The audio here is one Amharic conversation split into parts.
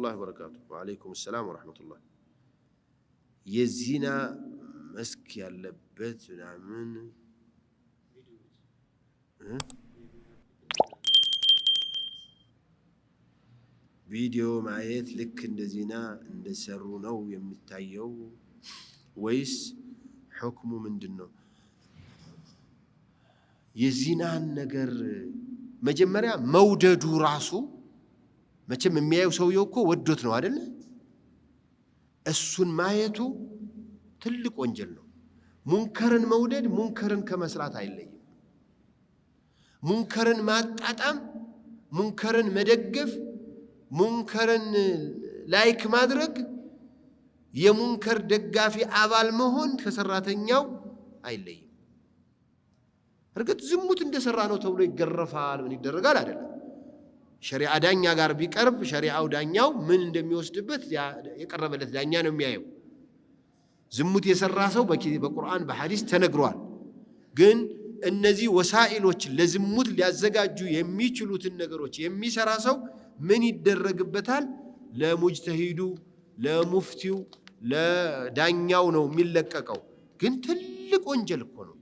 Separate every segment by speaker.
Speaker 1: الله وبركاته وعليكم السلام ورحمة الله يزينا مسك يا لبت من فيديو مايت لك ان زينا اند سرو نو يمتايو ويس حكمه من دنو የዚናን ነገር መጀመሪያ መውደዱ ራሱ መቼም የሚያየው ሰውየው እኮ ወዶት ነው አደለ? እሱን ማየቱ ትልቅ ወንጀል ነው። ሙንከርን መውደድ ሙንከርን ከመስራት አይለይም። ሙንከርን ማጣጣም፣ ሙንከርን መደገፍ፣ ሙንከርን ላይክ ማድረግ፣ የሙንከር ደጋፊ አባል መሆን ከሰራተኛው አይለይም። እርግጥ ዝሙት እንደሰራ ነው ተብሎ ይገረፋል፣ ምን ይደረጋል አይደለም። ሸሪዓ ዳኛ ጋር ቢቀርብ ሸሪዓው ዳኛው ምን እንደሚወስድበት የቀረበለት ዳኛ ነው የሚያየው። ዝሙት የሰራ ሰው በቁርአን በሐዲስ ተነግሯል። ግን እነዚህ ወሳኢሎች ለዝሙት ሊያዘጋጁ የሚችሉትን ነገሮች የሚሰራ ሰው ምን ይደረግበታል? ለሙጅተሂዱ ለሙፍቲው ለዳኛው ነው የሚለቀቀው። ግን ትልቅ ወንጀል እኮ ነው።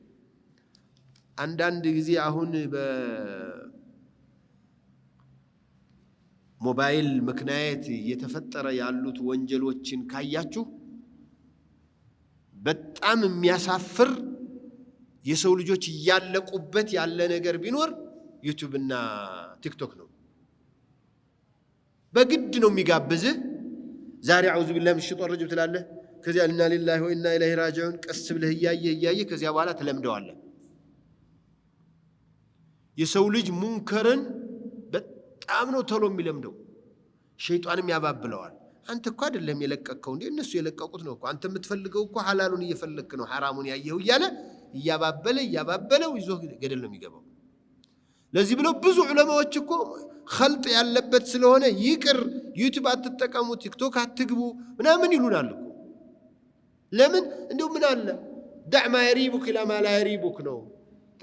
Speaker 1: አንዳንድ ጊዜ አሁን በሞባይል ምክንያት እየተፈጠረ ያሉት ወንጀሎችን ካያችሁ በጣም የሚያሳፍር የሰው ልጆች እያለቁበት ያለ ነገር ቢኖር ዩቱብ እና ቲክቶክ ነው። በግድ ነው የሚጋብዝህ። ዛሬ አውዝ ቢላ ምሽ ረጅም ትላለህ። ከዚያ እና ሊላሂ ወኢና ኢለይሂ ራጂዑን ቀስ ብለህ እያየህ እያየህ ከዚያ በኋላ ትለምደዋለህ። የሰው ልጅ ሙንከርን በጣም ነው ቶሎ የሚለምደው። ሸይጣንም ያባብለዋል። አንተ እኮ አይደለም የለቀቅከው እንዴ እነሱ የለቀቁት ነው እኮ። አንተ የምትፈልገው እኮ ሐላሉን እየፈለግክ ነው፣ ሐራሙን ያየው እያለ እያባበለ እያባበለው ይዞ ገደል ነው የሚገባው። ለዚህ ብለው ብዙ ዑለማዎች እኮ ኸልጥ ያለበት ስለሆነ ይቅር፣ ዩቱብ አትጠቀሙ፣ ቲክቶክ አትግቡ ምናምን ይሉናል እኮ። ለምን እንዲሁ ምን አለ ዳዕማ የሪቡክ ኢላ ማ ላ የሪቡክ ነው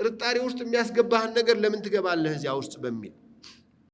Speaker 1: ጥርጣሬ ውስጥ የሚያስገባህን ነገር ለምን ትገባለህ እዚያ ውስጥ በሚል